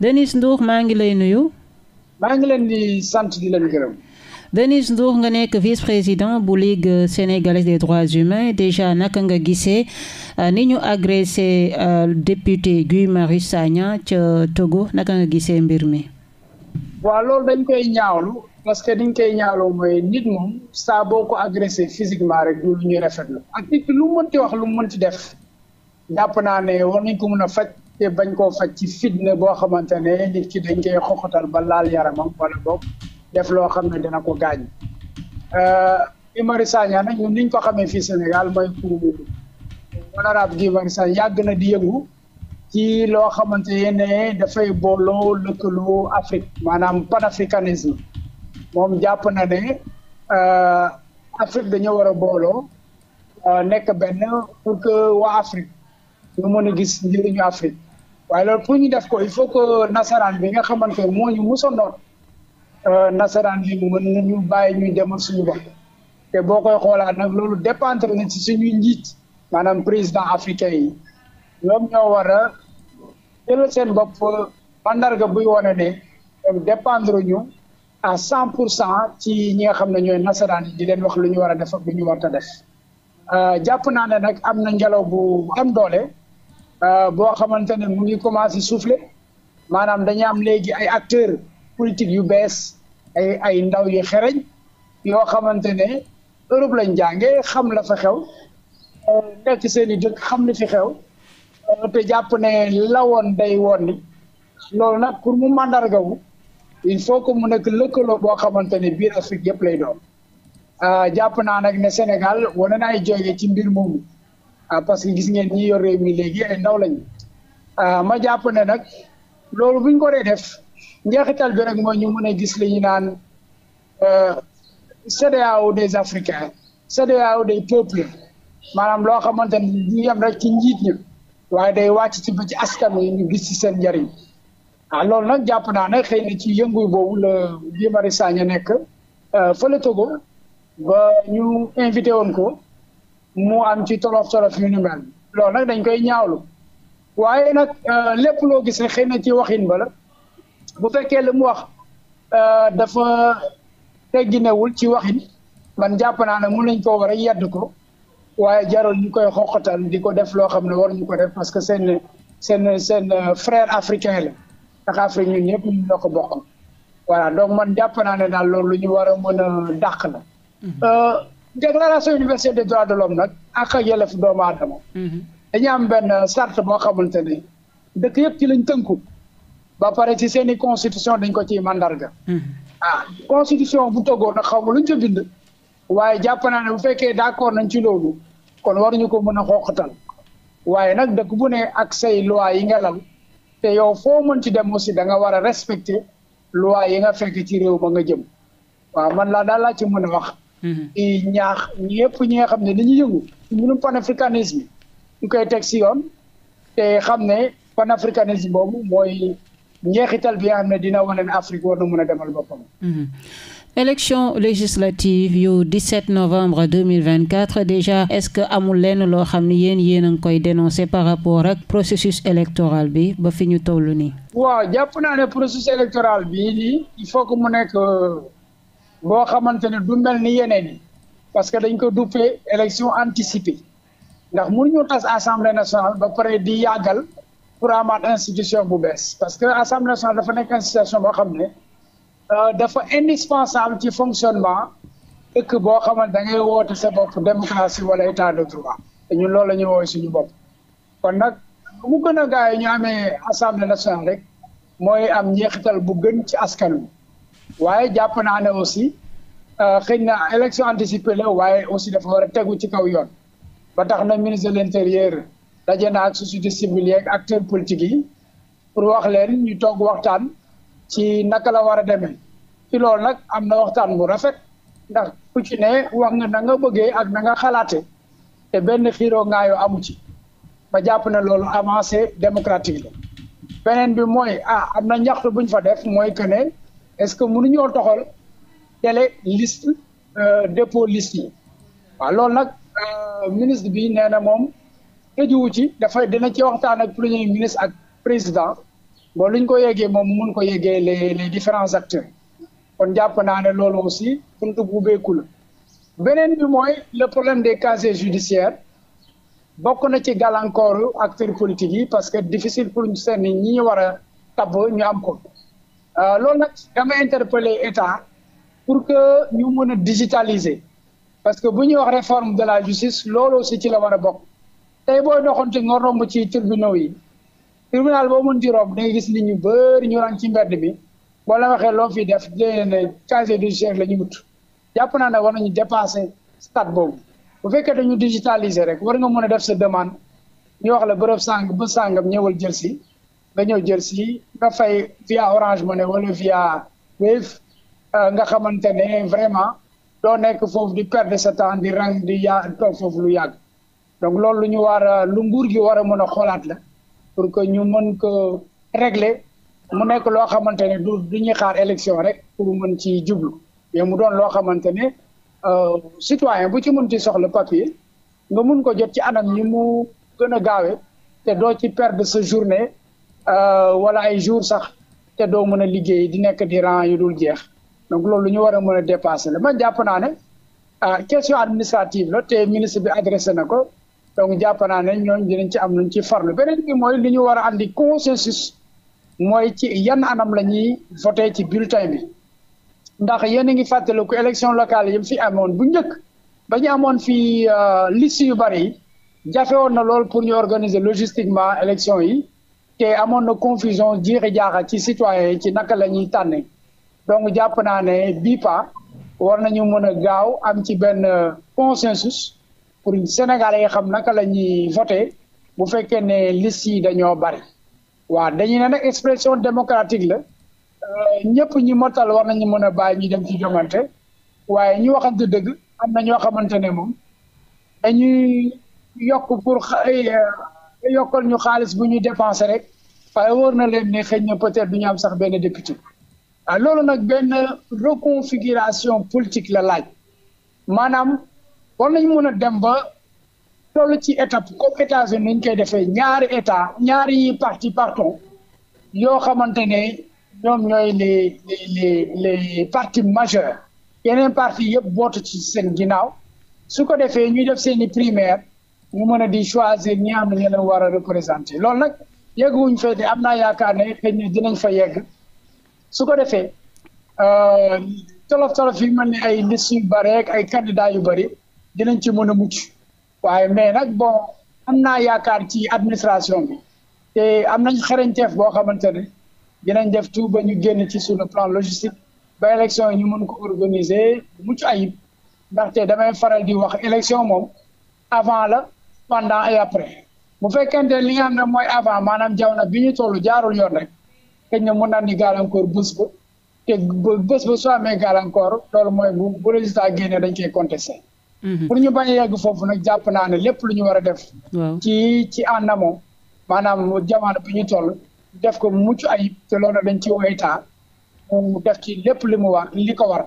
Denis Ndour maa ngi lay nuyu. maa ngi leen sant di leen gërëm. Denis Ndour nga nekk vice-président bu Ligue sénégalaise des droits humains déjà naka nga gisee euh, ni ñu agressé euh, député Guy Marius Sagna ca Togo naka nga gise mbir mi. waa loolu dañ koy ñaawlu parce que dañ koy ñaawlu mooy nit moom saa boo ko agressé physiquement rek lu ñuy rafetlu ak nit lu mënti wax lu mënti def jàpp naa ne war nañ ko mën a faj. te bañ koo faj ci fitna boo xamante ne nit ki dañ koy xoxatal ba laal yaramam wala boog def loo xam ne dina ko gaañ euh, Guy Marius Sagna nag ñun ko xamee fii Sénégal mooy ku honorable Guy Marius Sagna yàgg na di yëngu ci loo xamante ne dafay booloo lëkkaloo Afrique maanaam panafricanisme moom jàpp na ne euh, Afrique dañoo war a booloo euh, nekk benn pour que waa Afrique ñu mën a gis njëriñu Afrique waaye loolu pour ñu def ko il faut que nasaraan bi nga xamante ne moo ñu mos a noot euh, nasaraan bi mën ñu bàyyi ñuy demal suñu bo te boo koy xoolaat nag loolu dépendre na ci suñuy njiit maanaam président africain yi ñoom ñoo war a jëlal seen bopp mandarga buy wane ne ñoom dépendre ñu à cent cent ci ñi nga xam ne ñooy nasaraan yi di leen wax lu ñu war a def ak lu a def euh, jàpp naa ne nag am na ngelaw bu am doole. Euh, boo xamante ne mu ngi commencé souffler maanaam dañu am léegi ay acteurs politiques yu bees ay ndaw yu xereñ yoo xamante ne Europe lañ jàngee xam la fa xew euh, nekk seen i dëkk xam li fi xew euh, te jàpp ne lawoon day woon ni loolu nag pour mu màndarga màndargawu il faut que mu nekk lëkkaloo boo xamante ne biir Afrique yëpp lay doon jàpp naa nag ne Sénégal wane na ay ci mbir moomu ah parce que gis ngeen ñi yor réew mi léegi ay ndaw lañu ah ma jàpp ne nag loolu bu ñu ko dee def njeexital bi rek mooy ñu mën a gis li ñu naan euh, CEDEAO des Africains CEDEAO des peuples maanaam loo xamante ni ñu yem rek ci njiit ñi waaye day wàcc ci ba ci askan wi ñu gis ci seen njëriñ a ah, loolu nag jàpp naa ne xëy na ci yëngu boobu la Guy Marius Sagna nekk euh, fële Togo ba ñu invité woon ko. mu am ci tolof tolof yu ñu mel loolu nag dañ koy ñaawlu waaye nag euh, lépp loo gis rek xëy na ci waxin ba la bu fekkee li mu wax euh, dafa te tegginewul ci waxin man jàpp naa ne mun nañ koo war a ko waaye jarul ñu koy xoqatal di ko def loo xam ne waruñu ko def parce que seen seen seen euh, frère africain la ndax Afrique ñëpp ñu ñoo ko bokk voilà donc man jàpp naa ne daal loolu lu ñu war a mën a dàq la. Mhm. déclaration universelle des droits de l'homme nag a ak yelleef doomu aadama mhm. dañu am benn charte boo xamante ne dëkk yëpp ci lañ tënku ba pare si seen i constitution dañ ko ci mandarga mhm. ah constitution bu tëggoo nag xaw ma luñ ca bind waaye jàpp naa ne bu fekkee d'accord nañ ci loolu kon waruñu ko mën a xooqatal waaye nag dëkk bu ne ak say loi yi nga lal te yow foo mën ci dem aussi da nga war a respecter loi yi nga fekk ci réew ma nga jëm waaw man laa daal laa ci mën a wax Mm-hmm. di ñaax ñëpp ñi nga xam ne dañuy yëngu ci mbirum panafricanisme ñu koy teg si yoon te xam ne panafricanisme boobu mooy njeexital bi am na ne dina wane ne Afrique war na mën a demal boppam. Mm-hmm. élection législative yu 17 novembre 2024 déjà est-ce que amul lenn loo xam ne yéen yéen a ngi koy dénoncer par rapport ak processus électoral bi ba fi ñu toll nii. waaw jàpp naa ne processus électoral bii nii il faut que mu nekk. Euh, boo xamante ne du mel ni yeneen yi parce que dañ ko duppee élection anticipée ndax mënuñu tas assemblée nationale ba pare di yàggal pour amaat institution bu bees parce que assemblée nationale dafa nekk institution boo xam ne euh, dafa indispensable ci fonctionnement dëkk boo xamante dangay ngay woote sa bopp démocratie wala état de droit dañu ñun loolu la ñuy woowee suñu bopp kon nag mu gën a gaaw ñaame amee assemblée nationale rek mooy am njeexital bu gën ci askan wi. waaye jàpp naa ne aussi euh, xëy na élection anticipée waaye aussi dafa war a tegu ci kaw yoon ba tax na ministre de l'intérieur da na ak société civile yeeg acteurs politiques yi pour wax leen ñu toog waxtaan ci naka la war a demee ci loolu nag am na waxtaan bu rafet ndax ku ci ne wax nga na nga bëggee ak na nga xalaate te benn xiiro xiiroo ngaayoo amu ci ba jàpp na loolu avancé démocratique la beneen bi mooy ah am na ñaxtu buñ fa def mooy que ne est-ce que mënuñoo doxal télé liste euh, dépôt liste yi waaw loolu nag euh, ministre bi nee na moom tëjuwu ci dafay dena ci waxtaan ak premier ministre ak président bon lu ñu ko yeggee moom mun ko yeggee les les différents acteurs kon jàpp naa ne loolu aussi buntu bu ubbeeku beneen bi mooy le problème des casiers judiciaires bokk na ci gàllankooru acteurs politiques yi parce que difficile pour seen ñi ñu war a tabb ñu am ko Euh, loolu nag dama interpeller état pour que ñu mën a digitaliser parce que bu ñuy wax réforme de la justice loolu aussi ci la war a bokk tey booy doxantu nga romb ci tribunaux yi tribunal boo mun ci romb da gis ni ñu bëri ñu rang ci mbedd mi boo la waxee loo fi def dee ne casier judiciaire la ñu wut jàpp naa ne war nañu dépasser stat boobu bu fekkee dañu digitaliser rek war nga mën a def sa demande ñu wax la bërëb sàng ba sàngam ñëwal jël si nga ñëw jël si nga fay via Orange Money wala via Wave euh, nga xamante ne vraiment doo nekk foofu di perdre sa temps di rang di yaa toog foofu lu yàgg donc loolu lu ñu war a lu nguur gi war a mën a xoolaat la pour que ñu mën ko régler mu nekk loo xamante ne du du ñuy xaar élection rek pour mën ci jublu mais mu doon loo xamante ne euh, citoyen bu ci mën ci soxla papier nga mun ko jot ci anam ñi mu gën a gaawe te doo ci perdre sa journée Euh, wala ay jours sax te doo mën a liggéey di nekk di rang yi dul jeex donc loolu lu ñu war a mën a dépasser la ma jàpp naa ne ah question administrative la te ministre bi adressé na ko donc jàpp naa ne ñooñu dinañ ci am luñ ci farlu beneen bi mooy li ñu war a andi consensus mooy ci yan anam la ñuy voté ci bulletin bi ndax yéen a ngi fàttaliku élection locale yi fi amoon bu njëkk ba ñu amoon fii euh, liste yu bari yi jafe woon na lool pour ñu organiser logistiquement élection yi. te amoon na confusion jiiri jaaxa ci citoyen ci naka la ñuy tànne donc jàpp naa ne bii pa war nañu mën a gaaw am ci benn euh, consensus pour sénégal yi xam naka la ñuy voté bu fekkee ne liste yi dañoo bari waaw dañuy ne nag expression démocratique la euh, ñëpp ñi motal war ñu mën a bàyyi ñu dem ci jomante waaye ñu waxante dëgg am na ñoo xamante ne moom dañuy yokk pour euh, nga yokkal ñu xaalis bu ñu dépensé rek waaye wóor na leen ne xëy na peut-être du ñu am sax benn député waaw loolu nag benn reconfiguration politique la laaj maanaam war nañ mën a dem ba loolu ci étape comme États-Unis nañ koy defee ñaari état ñaari parti pardon yoo xamante ne ñoom ñooy les parti les partis majeurs yeneen parti yëpp boot ci seen ginnaaw su ko defee ñuy def seen i primaire ñu mën a di choisir ñi am na ñu leen war a représenter lool nag yegguwuñ fay te am naa yaakaar ne xëy na dinañ fa yegg su ko defee euh, tolof tolof fi mel ni ay liste yu bare ay candidats yu bëri dinañ ci mën a mucc waaye mais nag bon am naa yaakaar ci administration bi te am nañ xarañteef boo xamante ne dinañ def tout ba ñu génn ci sur le plan logistique ba élection yi ñu mën ko organiser mucc ayib ndaxte damay faral di wax élection moom avant la. pendant et après bu fekkente li nga xam ne mooy avant maanaam jamono bi ñu toll jaarul yoon rek xëy na mën naa ni gàllankoor bés ba te bés ba soo amee gàllankoor loolu mooy bu bu résultat génnee dañ koy contesté. Mhm. pour ñu bañ a yegg foofu nag jàpp naa ne lépp lu ñu war a def. ci ci en amont maanaam jamono bi ñu toll def ko mucc ayib te loolu dañ ci wéy mu def ci lépp li mu war li ko war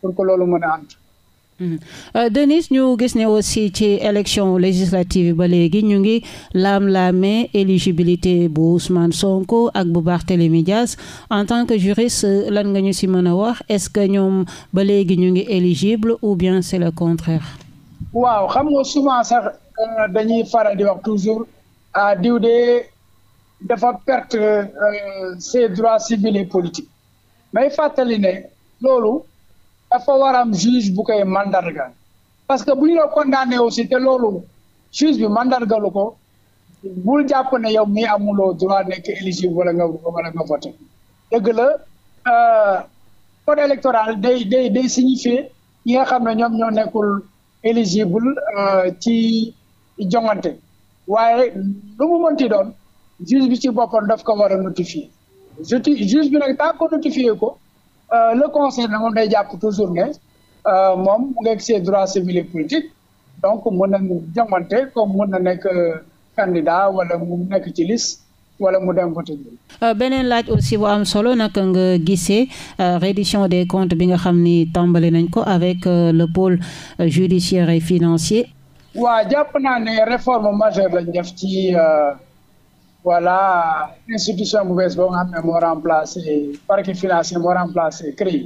pour que loolu mën a ànd. Mhm. Euh, Denis ñu gis ne aussi ci élection législative ba léegi ñu ngi laam-laamee éligibilité bu Ousmane Sonko ak bu Barthélémy Dias en tant que juriste lan nga ñu si mën a wax est-ce que ñoom ba léegi ñu ngi éligible ou bien c'est le contraire. waaw xam nga souvent sax euh, dañuy faral di wax toujours ah diw dafa perte euh, ses droits civils et politiques mais fàttali ne loolu. dafa war am juge bu koy mandarga parce que bu ñu la condamné aussi te loolu juge bi mandargalu ko bul jàpp ne yow mii amuloo droit nekk éligible wala nga wala nga voté dëgg la euh, code électoral day day day signifier ñi nga xam ne ñoom ñoo nekkul éligible euh, ci joŋante waaye lu mu mënti doon juge bi ci boppam daf ko war a notifier juge bi nag tant que notifier ko Euh, le conseil na moom day jàpp toujours ne euh, moom mu ngi ak ses droits civils et politiques donc mën na jamante comme mën na nekk euh, candidat wala mu nekk ci liste wala mu dem voté ji beneen laaj aussi bu am solo naka nga gisee reddition des comptes bi nga xam ni tàmbali nañ ko avec le pôle judiciaire et financier waa jàpp naa ne réforme majeure lañ def ci voilà institution bu bees boo nga xam ne moo remplacé parquet financier moo remplacé CREI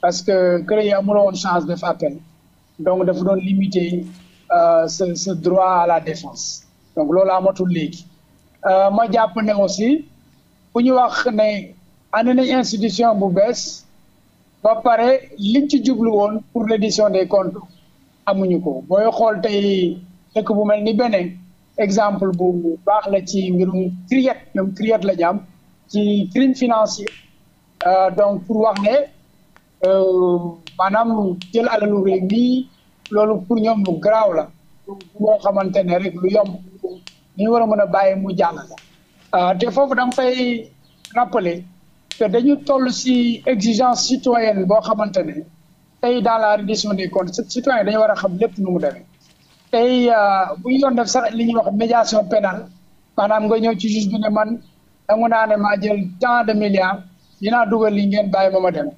parce que CREI a woon chance de appel donc dafa doon limiter euh, ce ce droit à la défense donc loolu amatul léegi euh, ma jàpp ne aussi bu ñu wax ne andi nañ institution bu bees ba pare liñ ci jublu woon pour l' édition des comptes amuñu ko booy xool tey dëkk bu mel ni beneen exemple bu baax la ci mbirum criet ñoom criet la ñu am ci crime financier euh, donc pour wax ne euh, maanaam jël alalu réew mi loolu pour ñoom lu garaaw la boo xamante ne rek lu yomb ni war a mën a bàyyee mu jàll la euh, te foofu dama fay rappeler que dañu toll si exigence citoyenne boo xamante ne tey dans la reddition des comptes citoyen dañu war a xam lépp nu mu tey euh, bu ñu doon def sax li ñuy wax médiation pénale maanaam nga ñëw ci juge bi ne man dangu naa ne maa jël tant de milliards dinaa dugal li ngeen bàyyi ma ma dem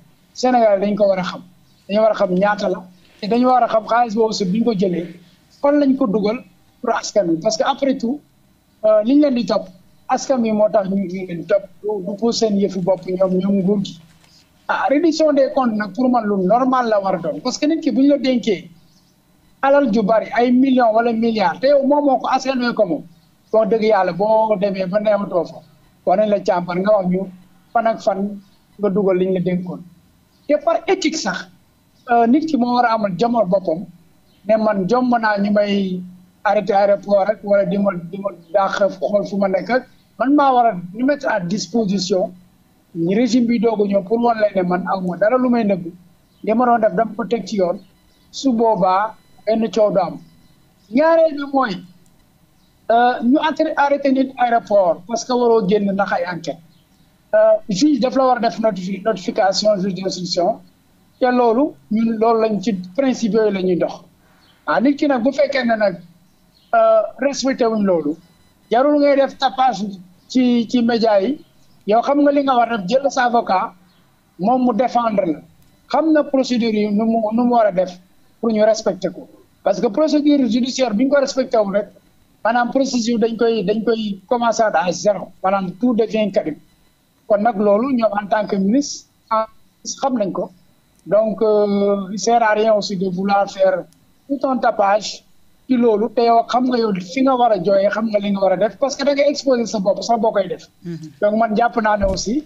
Sénégal dañ ko war a xam dañu war a xam ñaata la te dañu war xam xaalis boobu si bi ñu ko jëlee kon lañ ko dugal pour askan wi parce que après tout euh, liñ leen di topp askan wi moo tax ñu ñu leen topp du pour seen yëfu bopp ñoom ñoom nguur gi ah reddition des comptes nag pour man lu normal la war a doon parce que nit ki bu ñu la dénkee alal ju bari ay million wala milliards te yow moom moo ko askan ko moom boo dëgg yàlla boo demee ba neematoo fa war nañ la càmpar nga fan ak fan nga dugal liñ la dénkoon te par sax euh, nit ki moo war a amal jomal boppam ne man jom naa ñu may arrêté aéroport rek wala di ma di ma ma nekk ak man maa war a ñu mettre à disposition ñu régime bi doogu ñëw pour wan ne man aw dara lu may nëbb li ma doon def dama ko teg ci yoon benn coow du am ñaareel bi mooy euh, ñu arrêté nit aéroport parce que waroo génn ndax ay enquête euh, juge daf la war a def notifi notification juge d'instruction te loolu ñu loolu lañ ci principe yooyu la ñuy dox ah nit ki nag bu fekkee ne nag euh, respecté wuñ loolu jarul ngay def tapage ci ci média yi yow xam nga li nga war a def jël sa moom mu défendre la xam na procédure yi nu mu nu mu war a def pour ñu respecter ko parce que procédure judiciaire bi ñu ko respecté wul rek maanaam procédure dañ koy dañ koy commencé à zéro maanaam tout devient caduc kon nag loolu ñoom en tant que ministre xam nañ ko donc euh, il aussi de vouloir faire tout un tapage ci loolu te yow xam nga yow fi nga war a xam nga li nga war a def parce que da ngay exposer sa bopp sa boo koy def mm-hmm. donc man jàpp naa ne aussi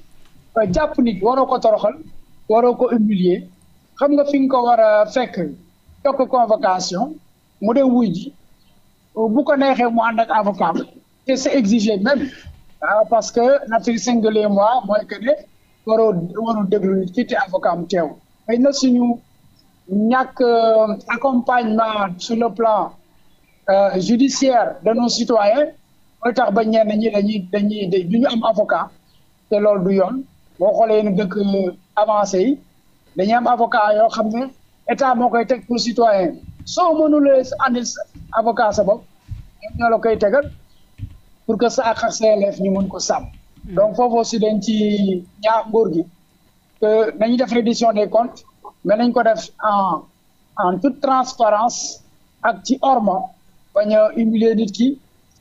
euh, jàpp nit waroo ko toroxal waroo ko humilier xam nga fi nga ko war yokk convocation mu dem wuy ji bu ko neexee mu ànd ak avocat te c'est exigé même ah, parce que nature singulier moi mooy que ne waroo waroo déglu nit ki te avocat mu teew xëy na suñu ñàkk euh, accompagnement sur le plan euh, judiciaire de nos citoyens mooy tax ba ñenn ñi dañuy am avocat te loolu du yoon boo xoolee yenn dëkk euh, avancé yi dañuy am avocat yoo xam ne état moo koy teg pour citoyen soo mënulee andil avocat sa bopp ñoo la koy tegal pour que sa ak sa ñu mën ko sàmm. Hmm. donc foofu aussi dañ ci ñaax nguur gi que def reddition des comptes mais nañ ko def en en toute transparence ak ci orma bañ a humilier nit ki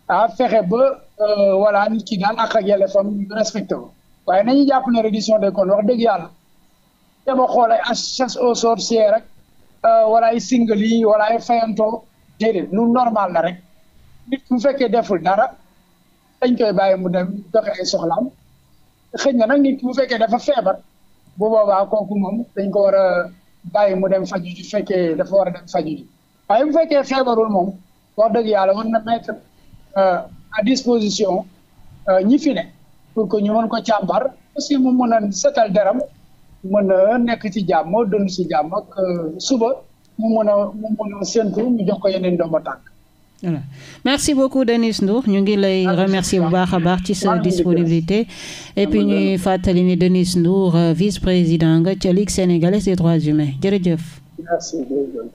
a fexe ba euh, voilà nit ki daal ak ak yelleefam ñu respecté ko waaye nañu jàpp ne reddition des comptes wax dëgg yàlla te ba xool ay chasse aux sorcières rek. Euh, wala ay single yi wala ay fayanto déedéet lu normal la rek nit mu fekkee deful dara dañ koy bàyyi mu dem joxe ay soxlaam xëy na nag nit bu fekkee dafa feebar bu boobaa kooku moom dañ ko war a bàyyi mu dem faju ji fekkee dafa war a dem faju ji waaye bu fekkee feebarul moom wax dëgg yàlla war na mettre a euh, disposition euh, ñi fi ne pour ko ñu mën ko càmbar aussi mu mën a setal daram mën a nekk ci jàmm dund si jàmm ak euh, suba mu mën a mu ñu jox ko yeneen ndomba tànk. voilà merci beaucoup Denis Ndour ñu ngi lay remercier bu baax a baax ci sa disponibilité et puis ñuy fàttali ni Denis Ndour euh, vice-président nga ca Ligue sénégalaise des droits humains jërëjëf. merci.